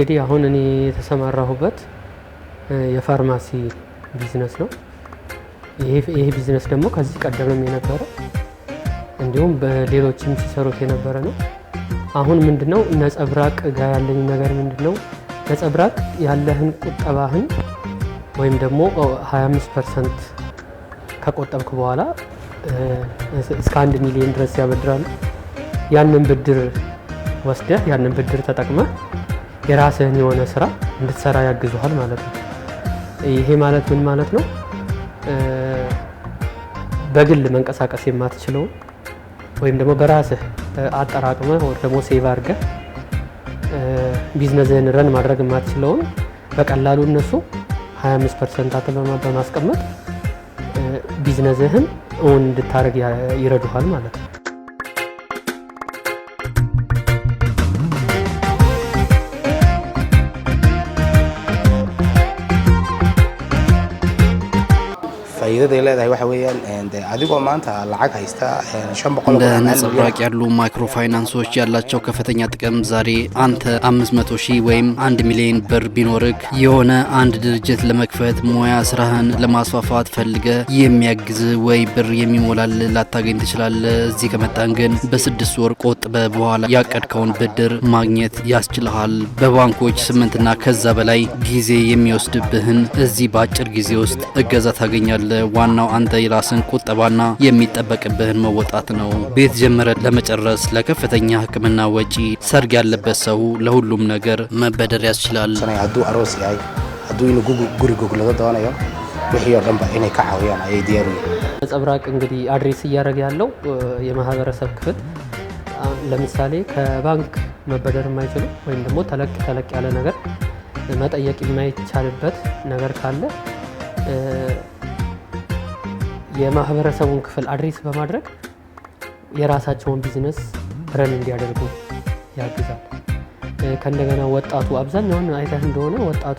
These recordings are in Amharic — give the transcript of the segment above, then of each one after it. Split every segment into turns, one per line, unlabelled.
እንግዲህ አሁን እኔ የተሰማራሁበት የፋርማሲ ቢዝነስ ነው። ይሄ ቢዝነስ ደግሞ ከዚህ ቀደምም የነበረ እንዲሁም በሌሎችም ሲሰሩት የነበረ ነው። አሁን ምንድነው ነጸብራቅ ጋር ያለኝ ነገር ምንድነው ነጸብራቅ ያለህን ቁጠባህን ወይም ደግሞ 25 ፐርሰንት ከቆጠብክ በኋላ እስከ አንድ ሚሊዮን ድረስ ያበድራሉ። ያንን ብድር ወስደህ ያንን ብድር ተጠቅመህ የራስህን የሆነ ስራ እንድትሰራ ያግዙሃል ማለት ነው። ይሄ ማለት ምን ማለት ነው? በግል መንቀሳቀስ የማትችለውን ወይም ደግሞ በራስህ አጠራቅመህ ወይ ደግሞ ሴቭ አድርገህ ቢዝነስህን ረን ማድረግ የማትችለውን በቀላሉ እነሱ 25 ፐርሰንት በማስቀመጥ ቢዝነስህን እውን እንድታደርግ ይረዱሃል ማለት ነው። ነጸብራቅ ያሉ ማይክሮ ፋይናንሶች ያላቸው ከፍተኛ ጥቅም ዛሬ አንተ 500 ሺህ ወይም 1 ሚሊዮን ብር ቢኖርክ የሆነ አንድ ድርጅት ለመክፈት ሙያ ስራህን ለማስፋፋት ፈልገ የሚያግዝ ወይ ብር የሚሞላል ላታገኝ ትችላለ። እዚህ ከመጣን ግን በስድስት ወር ቆጥበ በኋላ ያቀድከውን ብድር ማግኘት ያስችልሃል። በባንኮች ስምንትና ከዛ በላይ ጊዜ የሚወስድብህን እዚህ በአጭር ጊዜ ውስጥ እገዛ ታገኛለ። ዋናው አንተ የራስን ቁጠባና የሚጠበቅብህን መወጣት ነው። ቤት ጀምረ ለመጨረስ ለከፍተኛ ሕክምና ወጪ ሰርግ ያለበት ሰው ለሁሉም ነገር መበደር ያስችላል። ነጸብራቅ እንግዲህ አድሬስ እያደረገ ያለው የማህበረሰብ ክፍል ለምሳሌ ከባንክ መበደር የማይችሉ ወይም ደግሞ ተለቅ ተለቅ ያለ ነገር መጠየቅ የማይቻልበት ነገር ካለ የማህበረሰቡን ክፍል አድሬስ በማድረግ የራሳቸውን ቢዝነስ ረን እንዲያደርጉ ያግዛል። ከእንደገና ወጣቱ አብዛኛውን አይተህ እንደሆነ ወጣቱ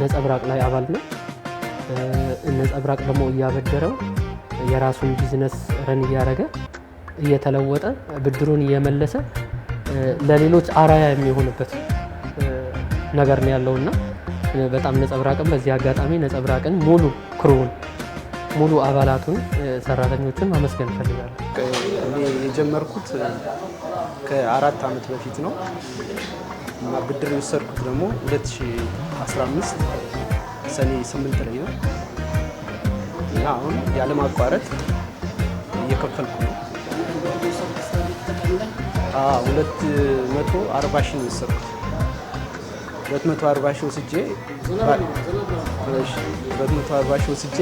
ነጸብራቅ ላይ አባል ነው። ነጸብራቅ ደግሞ እያበደረው የራሱን ቢዝነስ ረን እያደረገ እየተለወጠ ብድሩን እየመለሰ ለሌሎች አራያ የሚሆንበት ነገር ነው ያለውና በጣም ነጸብራቅን በዚህ አጋጣሚ ነጸብራቅን ሙሉ ክሩውን ሙሉ አባላቱን ሰራተኞቹን ማመስገን እፈልጋለሁ።
የጀመርኩት ከአራት ዓመት በፊት ነው እና ብድር የወሰድኩት ደግሞ 2015 ሰኔ 8 ላይ ነው እና አሁን ያለማቋረጥ እየከፈልኩ ነው። ሁለት መቶ አርባ ሺህ ነው የወሰድኩት። ሁለት መቶ አርባ ሺህ ወስጄ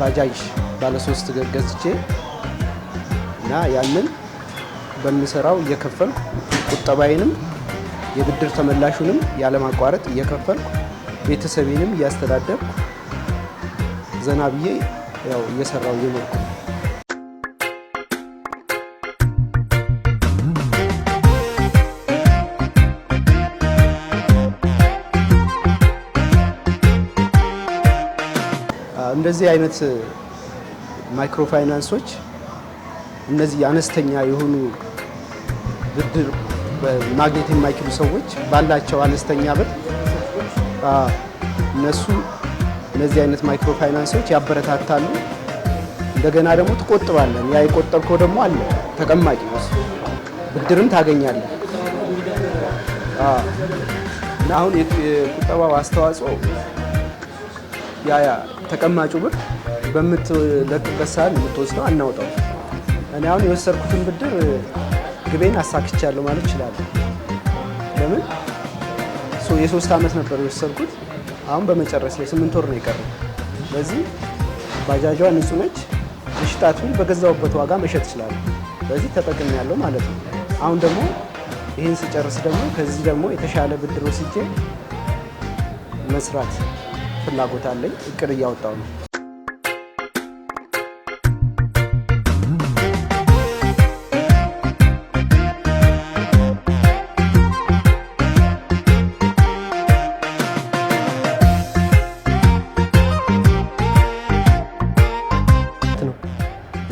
ባጃጅ ባለሶስት እግር ገዝቼ እና ያንን በምሰራው እየከፈልኩ ቁጠባዬንም የብድር ተመላሹንም ያለማቋረጥ እየከፈልኩ ቤተሰቤንም እያስተዳደርኩ ዘና ብዬ ያው እየሰራው ነው። እንደዚህ አይነት ማይክሮ uh, ፋይናንሶች እነዚህ አነስተኛ የሆኑ ብድር ማግኘት የማይችሉ ሰዎች ባላቸው አነስተኛ ብር uh, እነሱ እነዚህ አይነት ማይክሮ ፋይናንሶች ያበረታታሉ። እንደገና ደግሞ ትቆጥባለን። ያ የቆጠብከው ደግሞ አለ ተቀማጭ ነው፣ ብድርም ታገኛለን uh, እና አሁን የቁጠባው አስተዋጽኦ ያ ያ ተቀማጩ ብር በምትለቅበት ሰዓት የምትወስደው አናውጣው። እኔ አሁን የወሰድኩትን ብድር ግቤን አሳክቻለሁ ማለት እችላለሁ። ለምን የሶስት ዓመት ነበር የወሰድኩት። አሁን በመጨረስ ላይ ስምንት ወር ነው የቀረው። በዚህ ባጃጇ ንጹህ ነች። ሽጣቱን በገዛውበት ዋጋ መሸጥ ይችላል። በዚህ ተጠቅም ያለው ማለት ነው። አሁን ደግሞ ይህን ስጨርስ ደግሞ ከዚህ ደግሞ የተሻለ ብድር ወስጄ መስራት ፍላጎት አለኝ። እቅድ እያወጣው ነው።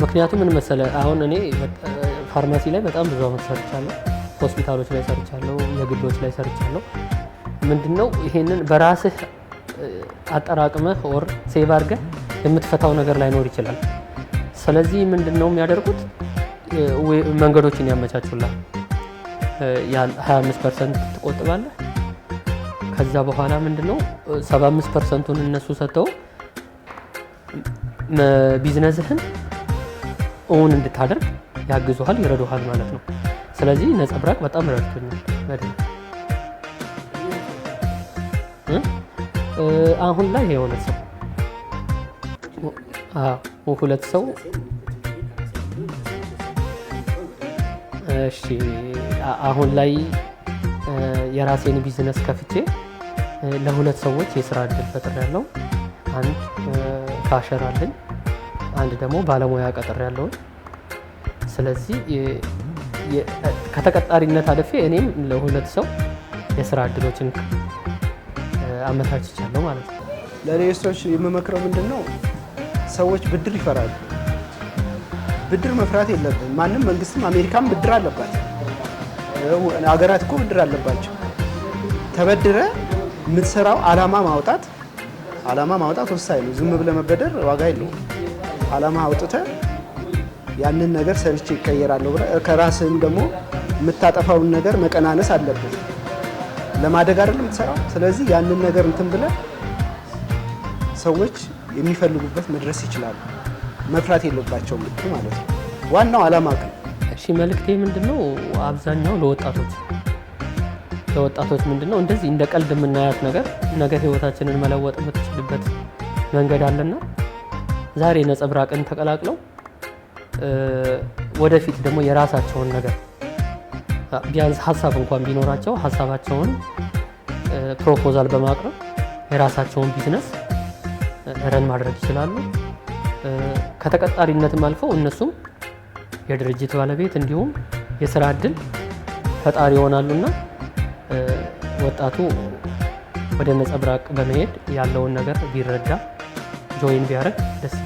ምክንያቱም ምን መሰለ፣ አሁን እኔ ፋርማሲ ላይ በጣም ብዙ አመት ሰርቻለሁ። ሆስፒታሎች ላይ ሰርቻለሁ። የግሎች ላይ ሰርቻለሁ። ምንድነው ይሄንን በራስህ አጠራቅመህ ኦር ሴቭ አድርገህ የምትፈታው ነገር ላይኖር ይችላል። ስለዚህ ምንድን ነው የሚያደርጉት? መንገዶችን ያመቻቹላል። 25 ፐርሰንት ትቆጥባለህ። ከዛ በኋላ ምንድን ነው 75 ፐርሰንቱን እነሱ ሰጥተው ቢዝነስህን እውን እንድታደርግ ያግዙሃል፣ ይረዱሃል ማለት ነው። ስለዚህ ነጸብራቅ በጣም ረድቶኛል። አሁን ላይ የሆነ ሰው ሁለት ሰው እሺ፣ አሁን ላይ የራሴን ቢዝነስ ከፍቼ ለሁለት ሰዎች የስራ እድል ፈጥር ያለው አንድ ካሸር አለኝ፣ አንድ ደግሞ ባለሙያ ቀጥር ያለውን። ስለዚህ ከተቀጣሪነት አልፌ እኔም ለሁለት ሰው የስራ እድሎችን አመቻችቻለሁ ማለት ነው።
ለሪልስቶች የምመክረው ምንድን ነው፣ ሰዎች ብድር ይፈራሉ። ብድር መፍራት የለብን ማንም። መንግስትም አሜሪካም ብድር አለባት፣ አገራት እኮ ብድር አለባቸው። ተበድረ የምትሰራው አላማ ማውጣት አላማ ማውጣት ወሳኝ ነው። ዝም ብለ መበደር ዋጋ የለውም። አላማ አውጥተ ያንን ነገር ሰርቼ ይቀየራለሁ ብለ ከራስህም ደግሞ የምታጠፋውን ነገር መቀናነስ አለብን። ለማደግ አይደለም የምትሰራው። ስለዚህ ያንን ነገር እንትን ብለ ሰዎች የሚፈልጉበት መድረስ ይችላሉ። መፍራት የለባቸውም ማለት ነው። ዋናው አላማ ግን
እሺ፣ መልእክቴ ምንድነው? አብዛኛው ለወጣቶች ለወጣቶች ምንድነው እንደዚህ እንደ ቀልድ የምናያት ነገር ነገ ህይወታችንን መለወጥ የምትችልበት መንገድ አለና ዛሬ ነጸብራቅን ተቀላቅለው ወደፊት ደግሞ የራሳቸውን ነገር ቢያንስ ሀሳብ እንኳን ቢኖራቸው ሀሳባቸውን ፕሮፖዛል በማቅረብ የራሳቸውን ቢዝነስ ረን ማድረግ ይችላሉ። ከተቀጣሪነትም አልፈው እነሱም የድርጅት ባለቤት እንዲሁም የስራ እድል ፈጣሪ ይሆናሉና ወጣቱ ወደ ነጸብራቅ በመሄድ ያለውን ነገር ቢረዳ ጆይን ቢያደርግ ደስ